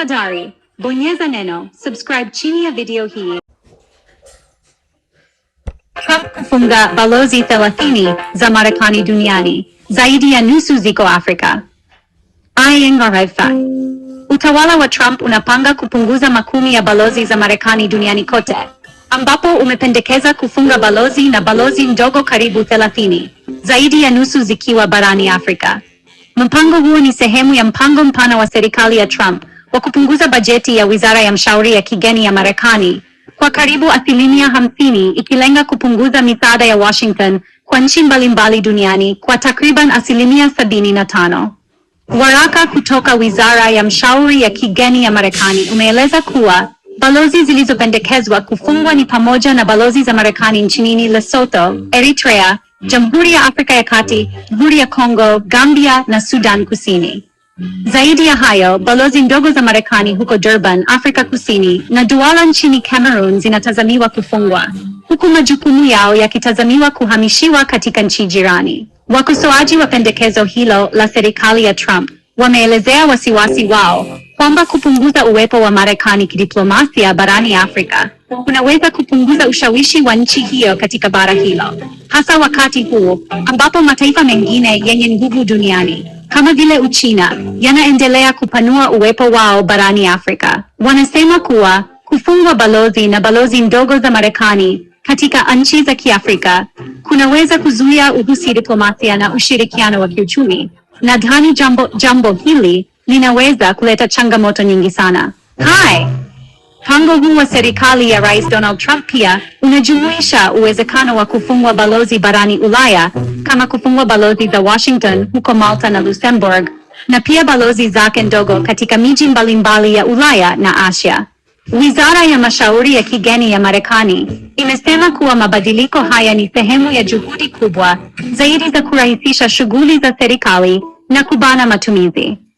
Tafadhali bonyeza neno subscribe chini ya video hii. Trump kufunga balozi thelathini za Marekani duniani, zaidi ya nusu ziko Afrika. INGRIFA. Utawala wa Trump unapanga kupunguza makumi ya balozi za Marekani duniani kote, ambapo umependekeza kufunga balozi na balozi ndogo karibu 30, zaidi ya nusu zikiwa barani Afrika. Mpango huo ni sehemu ya mpango mpana wa serikali ya Trump wa kupunguza bajeti ya wizara ya mshauri ya kigeni ya Marekani kwa karibu asilimia hamsini ikilenga kupunguza misaada ya Washington kwa nchi mbalimbali duniani kwa takriban asilimia sabini na tano. Waraka kutoka wizara ya mshauri ya kigeni ya Marekani umeeleza kuwa balozi zilizopendekezwa kufungwa ni pamoja na balozi za Marekani nchini Lesotho, Eritrea, Jamhuri ya Afrika ya Kati, Jamhuri ya Kongo, Gambia na Sudan Kusini. Zaidi ya hayo, balozi ndogo za Marekani huko Durban, Afrika Kusini na Douala nchini Cameroon zinatazamiwa kufungwa, huku majukumu yao yakitazamiwa kuhamishiwa katika nchi jirani. Wakosoaji wa pendekezo hilo la serikali ya Trump wameelezea wasiwasi wao kwamba kupunguza uwepo wa Marekani kidiplomasia barani Afrika kunaweza kupunguza ushawishi wa nchi hiyo katika bara hilo, hasa wakati huu ambapo mataifa mengine yenye nguvu duniani kama vile Uchina yanaendelea kupanua uwepo wao barani Afrika. Wanasema kuwa kufungwa balozi na balozi ndogo za Marekani katika nchi za Kiafrika kunaweza kuzuia uhusi, diplomasia na ushirikiano wa kiuchumi. Nadhani jambo jambo hili linaweza kuleta changamoto nyingi sana. Hi. Mpango huu wa serikali ya Rais Donald Trump pia unajumuisha uwezekano wa kufungwa balozi barani Ulaya kama kufungwa balozi za Washington huko Malta na Luxembourg na pia balozi zake ndogo katika miji mbalimbali ya Ulaya na Asia. Wizara ya Mashauri ya Kigeni ya Marekani imesema kuwa mabadiliko haya ni sehemu ya juhudi kubwa zaidi za kurahisisha shughuli za serikali na kubana matumizi.